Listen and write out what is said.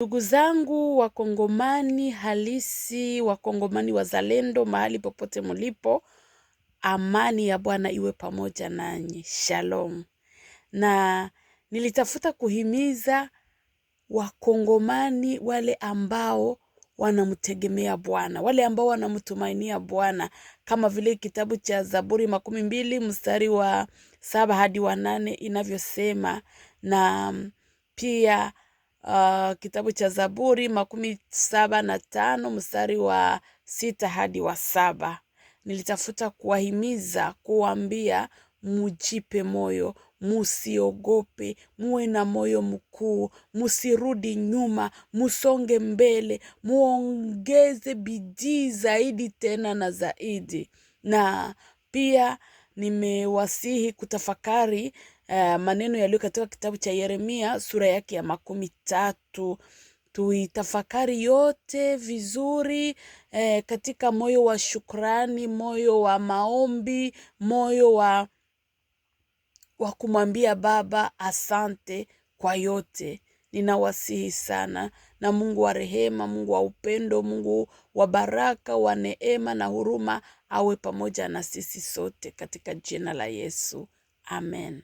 Ndugu zangu wakongomani halisi, wakongomani wazalendo, mahali popote mlipo amani ya Bwana iwe pamoja nanyi. Shalom. Na nilitafuta kuhimiza wakongomani wale ambao wanamtegemea Bwana, wale ambao wanamtumainia Bwana, kama vile kitabu cha Zaburi makumi mbili mstari wa saba hadi wa nane inavyosema na pia uh, kitabu cha Zaburi makumi saba na tano mstari wa sita hadi wa saba. Nilitafuta kuwahimiza kuwaambia, mujipe moyo, musiogope, muwe na moyo mkuu, musirudi nyuma, musonge mbele, muongeze bidii zaidi tena na zaidi. Na pia nimewasihi kutafakari Eh, maneno yaliyo katika kitabu cha Yeremia sura yake ya makumi tatu tuitafakari yote vizuri eh, katika moyo wa shukrani, moyo wa maombi, moyo wa, wa kumwambia Baba asante kwa yote. Ninawasihi sana na Mungu wa rehema, Mungu wa upendo, Mungu wa baraka, wa neema na huruma awe pamoja na sisi sote katika jina la Yesu, amen.